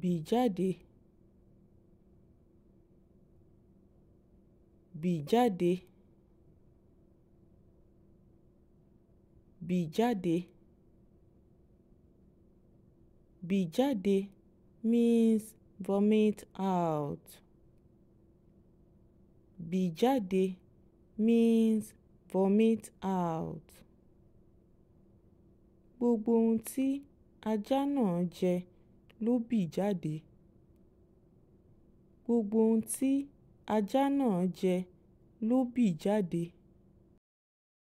Bì jáde Bì jáde Bì jáde Bì jáde means vomit out. Bì jáde means vomit out. Gbogbo ohun tí ajá náà jẹ ló bì jáde gbogbo ohun tí ajá náà jẹ ló bì jáde